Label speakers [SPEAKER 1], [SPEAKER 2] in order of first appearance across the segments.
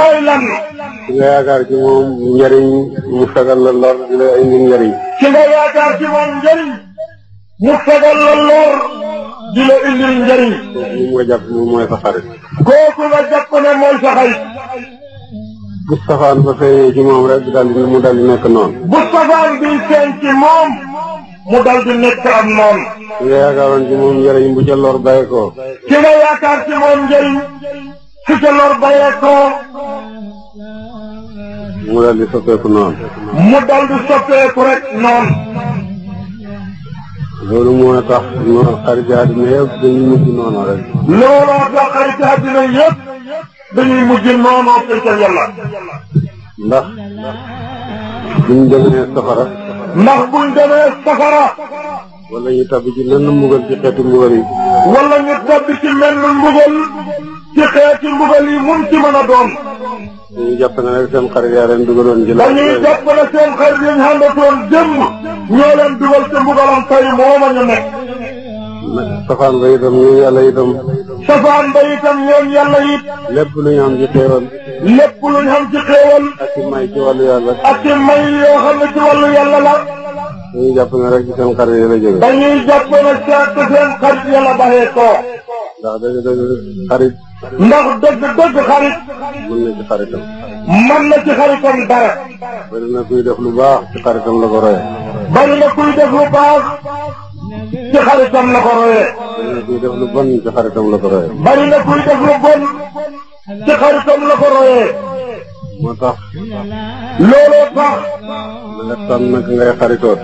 [SPEAKER 1] mooy lan. ki nga yaakaar ci moom njëriñ mu fegal la di la indi njëriñ. ki nga yaakaar ci moom njëriñ mu fegal la di la indi njëriñ. kooku nga jàpp ne mooy sa xarit. kooku nga jàpp ne mooy sa xarit.
[SPEAKER 2] bu safaan ba feeñee ci moom rek daal mu daal nekk noonu.
[SPEAKER 1] bu safaan bi feeñ ci moom mu dal di nekk am noonu.
[SPEAKER 2] ki nga yaakaaroon ci moom njëriñ bu ca lor bàyyeekoo.
[SPEAKER 1] ki nga yaakaar ci moom njëriñ su ca lor bàyyeekoo.
[SPEAKER 2] mu daal soppeeku noonu.
[SPEAKER 1] mu daal soppeeku rek noonu.
[SPEAKER 2] loolu moo tax noonu xarit àddina yëpp dañuy mujj noonu
[SPEAKER 1] rek. looloo tax xarit àddina yëpp dañuy mujj noonu te ca yàlla. ndax safara. ndax buñ
[SPEAKER 2] ñu tabb ci menn mbugal ñu tabb ci menn mbugal ci xeeti mbugal yi mun ci mën a doon. ñu jàpp na nag seen xarit yaa leen dugaloon ji la dañuy
[SPEAKER 1] jàpp na seen xarit yi ñu àndatoon démb ñoo leen dugal te mbugalam tey moo ma ñu safaan ba itam ñoom yàlla itam safaan ba itam lu ñu am ci xéewal lépp lu ñu am ci xéewal ak ci may ci wàllu yàlla la dañuy jàpp yi la seen xarit yàlla baxee koo
[SPEAKER 2] ndax
[SPEAKER 1] ndax dëgg dëgg xarit.
[SPEAKER 2] mën na ci xaritam. mën na ci xaritam dara. bari na kuy def lu baax ci xaritam la ko royee. bari kuy def lu baax
[SPEAKER 1] ci xaritam la ko royee.
[SPEAKER 2] bari na kuy def la ko royee.
[SPEAKER 1] bari kuy def lu bon ci xaritam la ko
[SPEAKER 2] royee. moo tax. looloo tax. na nga tànn nag ngay xaritoot.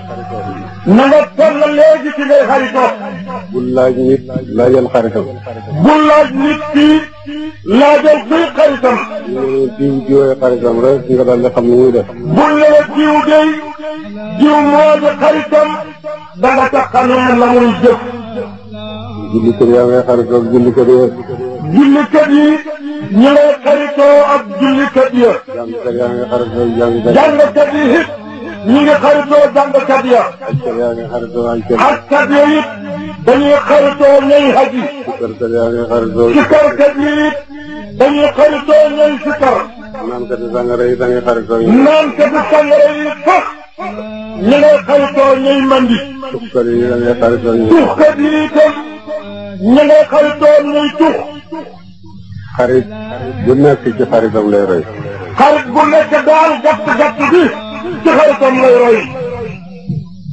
[SPEAKER 1] na nga toll léegi ci ngay xaritoo. nit laajal xaritam. bul nit kii laajal kuy xaritam. diw diwee xaritam rek nga daal di xam ni muy def. bul la diw day diw moo di xaritam la muy jëf. jullikat yaa ngay xaritoo ak jullikat ya. jullikat yi ñu ngay xaritoo ak jullikat ya. jàngkat yaa ngay xaritoo ak jàngkat ya. jàngkat yi it. ñi ngi xaritoo jàngkat ya. ak kat ya it dañuy xaritoo ñay haji. sikarkat ya it dañuy xaritoo ñay sikar. naankati
[SPEAKER 2] sangara yi dañuy xaritoo ñay. naankati
[SPEAKER 1] sangara xaritoo ñay mandi.
[SPEAKER 2] tuxkat yi dañuy xaritoo ñay.
[SPEAKER 1] xaritoo ñay tux.
[SPEAKER 2] xarit bu nekk ci xaritam lay rey.
[SPEAKER 1] ci xaritam lay roy.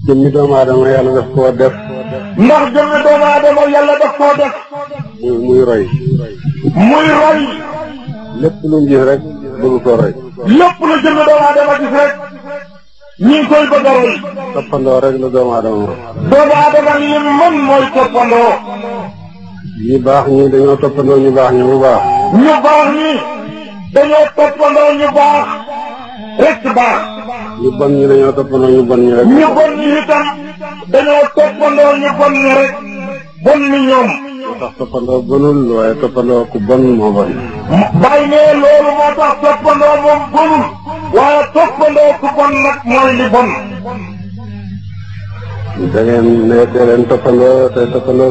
[SPEAKER 2] jëmmi doomu aadama yàlla def.
[SPEAKER 1] ndax def. muy roy. muy roy.
[SPEAKER 2] lépp lu mu gis rek bëgg koo roy.
[SPEAKER 1] lépp lu jëmmi doomu aadama gis rek. ñu ngi koy bëgg a roy.
[SPEAKER 2] toppandoo rek la doomu aadama.
[SPEAKER 1] doomu aadama mooy
[SPEAKER 2] toppandoo. ñu baax ñi dañoo toppandoo ñu baax ñi bu baax.
[SPEAKER 1] ñu baax ñi dañoo toppandoo ñu baax.
[SPEAKER 2] rek baax. ñu bon ñu dañoo toppandoo ñu bon ñu rek. ñu bon
[SPEAKER 1] ñu itam dañoo toppandoo ñu bon ñu rek bon ñu ñoom.
[SPEAKER 2] tax toppandoo bonul waaye toppandoo ku bon moo bon.
[SPEAKER 1] bàyyi ne loolu moo toppandoo moom bonul waaye toppandoo ku bon nag mooy li bon.
[SPEAKER 2] da toppandoo te toppandoo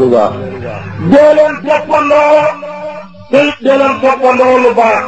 [SPEAKER 1] lu baax.